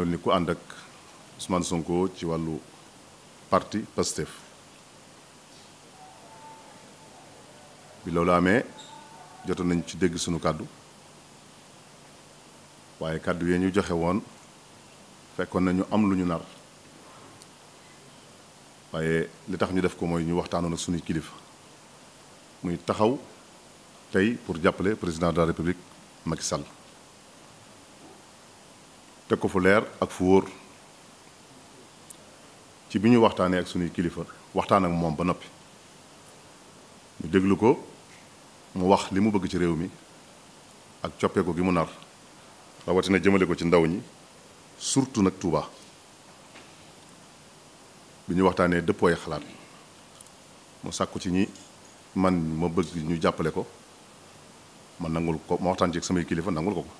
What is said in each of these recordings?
meloon ni ku ànd ak Ousmane Sonko ci wàllu parti Pastef bi loolu amee jotoon nañ ci dégg sunu kàddu waaye kàddu yee ñu joxe woon fekkoon nañu am lu ñu nar waaye li tax ñu def ko mooy ñu waxtaanoon ak suñuy kilifa muy taxaw tey pour jàppale président de la république Macky Sall teg ko fu leer ak fu wóor ci bi ñu waxtaanee ak suñuy kilifa waxtaan ak moom ba noppi ñu déglu ko mu wax li mu bëgg ci réew mi ak coppeeku gi mu nar rawatina jëmale ko ci ndaw ñi surtout nag Touba bi ñu waxtaanee dëppooy xalaat mu sàkku ci ñi man ma bëgg ñu jàppale ko ma nangul ko ma waxtaan ci samay kilifa nangul ko ko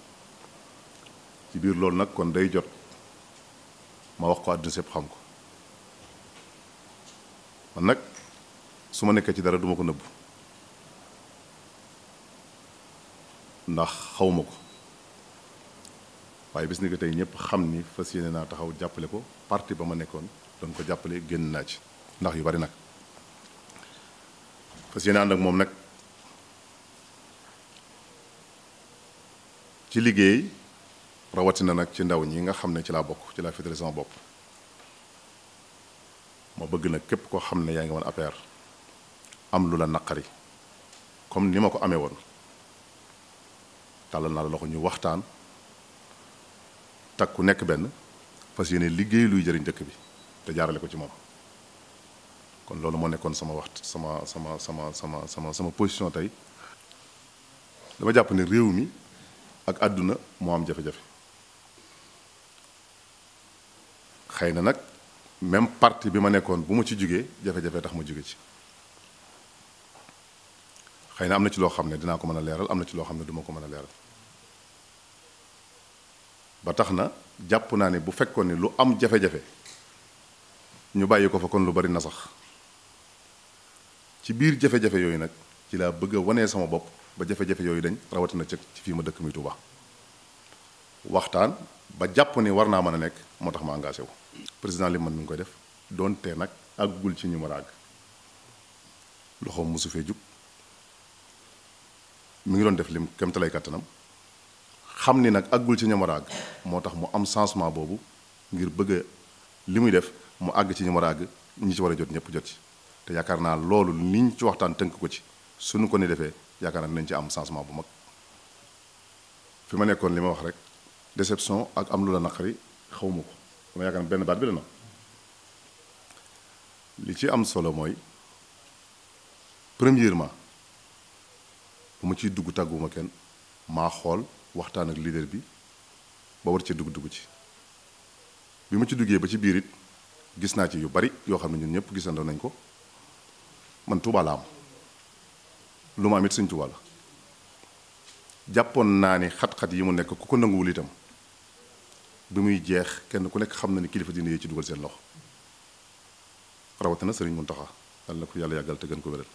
ci biir loolu nag kon day jot ma wax ko àddina sépp xam ko man nag su ma nekkee ci dara duma ko nëbb ndax xawuma ko waaye bis ni ko tey ñëpp xam ni fas yéene naa taxaw jàppale ko parti ba ma nekkoon doon ko jàppale génn naa ci ndax yu bari nag fas yéene ànd ak moom nag ci liggéey rawatina nag ci ndaw ñi nga xam ne ci laa bokk ci laa féetale sama bopp ma bëgg nag képp koo xam ne yaa ngi woon APR am lu la naqari comme ni ma ko amee woon tàll naa la loxo ñu waxtaan takku nekk benn fas yéene liggéey luy jëriñ dëkk bi te jaarale ko ci moom kon loolu moo nekkoon sama wax sama sama sama sama sama sama position tey dama jàpp ne réew mi ak àdduna moo am jafe-jafe xëy na nag même parti bi ma nekkoon bu ma ci jógee jafe-jafe tax ma jóge ci xëy na am na ci loo xam ne dinaa ko mën a leeral am na ci loo xam ne duma ko mën a leeral ba tax na jàpp naa ne bu fekkoon ni lu am jafe-jafe ñu bàyyi ko fa kon lu bari na sax ci biir jafe-jafe yooyu nag ci laa bëgg a wanee sama bopp ba jafe-jafe yooyu dañ rawatina cëg ci fii ma dëkk muy Tuuba waxtaan ba jàpp ni war naa mën a nekk moo tax ma engagé wu président li man mi ngi koy def donte nag àggul ci ñu ma àgg loxoom mosu fee jub mi ngi doon def lim kem talay kàttanam xam ni nag àggul ci ñamara àgg moo tax mu am changement boobu ngir bëgg li muy def mu àgg ci ñu ñamara àgg ñi ci war a jot ñëpp jot ci te yaakaar naa loolu liñ ci waxtaan tënk ko ci suñu ko ni defee yaakaar naa dinañ ci am changement bu mag fi ma nekkoon li ma wax rek déception ak am lu la naqari xawma ko ma yaakaar benn baat bi la noonu li ci am solo mooy premièrement bu ma ciy dugg tàgguma kenn maa xool waxtaan ak leader bi ba war ci dugg dugg ci bi ma ci duggee ba ci biir it gis naa ci yu bari yoo xam ne ñun ñëpp gisandoo nañ ko man Tuuba am lu ma am it Sëñ Tuuba jàppoon naa ni xat-xat yi mu nekk ku ko nanguwul itam bi muy jeex kenn ku nekk xam na ni kilifa diine yi ci dugal seen loxo rawatina sëriñ Muntaxa yàlla na ko yàlla yàggal te gën ko wéral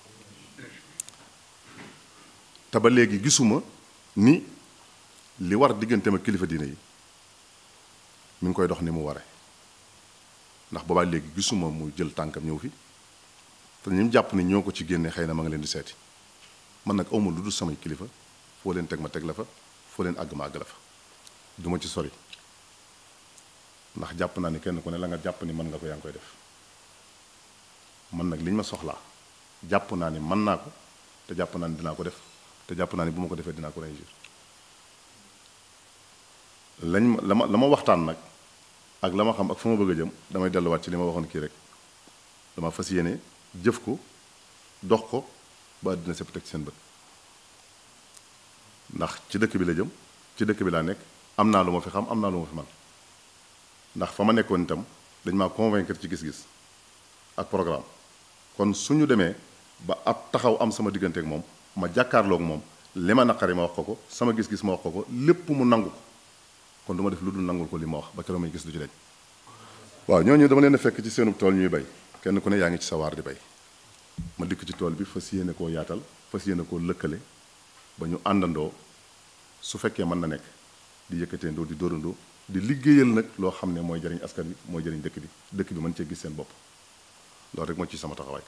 te ba léegi gisuma ni li war digganteem ak kilifa diine yi mi ngi koy dox ni mu ware ndax boobaa léegi gisuma mu jël tànkam ñëw fi te ñu jàpp ni ñoo ko ci génne xëy na ma nga leen di seeti man nag awma lu dul samay kilifa foo leen teg ma teg la fa foo leen àgg ma àgg la fa duma ci sori ndax jàpp naa ni kenn ko ne la nga jàpp ni mën nga ko yaa ngi koy def man nag liñ ma soxlaa jàpp naa ni man naa ko te jàpp naa ni dinaa ko def te jàpp naa ni bu ma ko defee dinaa ko réussir lañ ma la ma la ma waxtaan nag ak la ma xam ak fu ma bëgg a jëm damay delluwaat ci li ma waxoon kii rek dama fas yéene jëf ko dox ko ba àddina sépp teg seen bët ndax ci dëkk bi la jëm ci dëkk bi laa nekk am naa lu ma fi xam am naa lu ma fi man ndax fa ma nekkoon itam dañ maa convaincre ci gis-gis ak programme kon su ñu demee ba ab taxaw am sama diggante moom ma jàkkaarlook moom li ma naqari ma wax ko ko sama gis-gis ma wax ko ko lépp mu nangu ko kon du ma def lu dul nangul ko li ma wax ba ca may gis lu ci deñ waaw ñoo ñooñu dama leen fekk ci seenu tool ñuy bay kenn ku ne yaa ngi ci sa di bay ma dikk ci tool bi fas yéene koo yaatal fas yéene koo lëkkale ba ñu àndandoo su fekkee mën na nekk di yëkkatee di dóorandoo di liggéeyal nag loo xam ne mooy jëriñ askan bi mooy jëriñ dëkk bi dëkk bi mën cee gis seen bopp loolu rek moo ci sama taxawaay